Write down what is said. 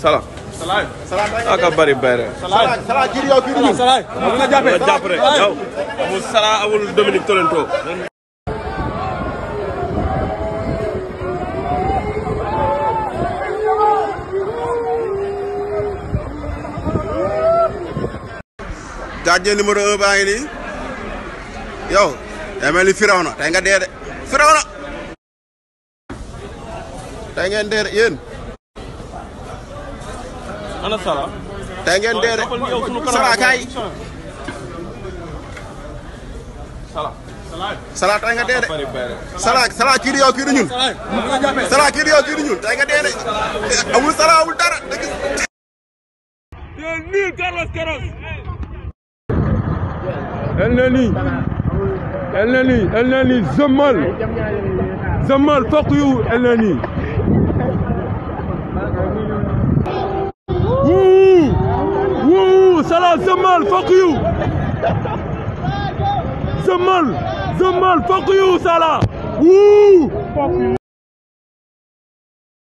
salaam. salaay salaam ak bari bari. salaay salaay Salah amul Dominique Toretto. gardien numéro un baa ngi nii yow yaa mel ni firaw na tey nga dee ana Sara. da ngeen dee de Sara kaay. Sara. Sara tey nga dee de. Sara Sara kii di yow kii di ñun. Sara kii di yow kii di ñun tey nga dee de. amul Sara amul dara. yéen nii Carlos Queiroz. el na nii. el na nii el na nii Zemal. Zemal fokk yu el na nii. Yeah, Zamal, fuck you. Zamal, Zamal, fuck you, Salah. Woo! Fuck you.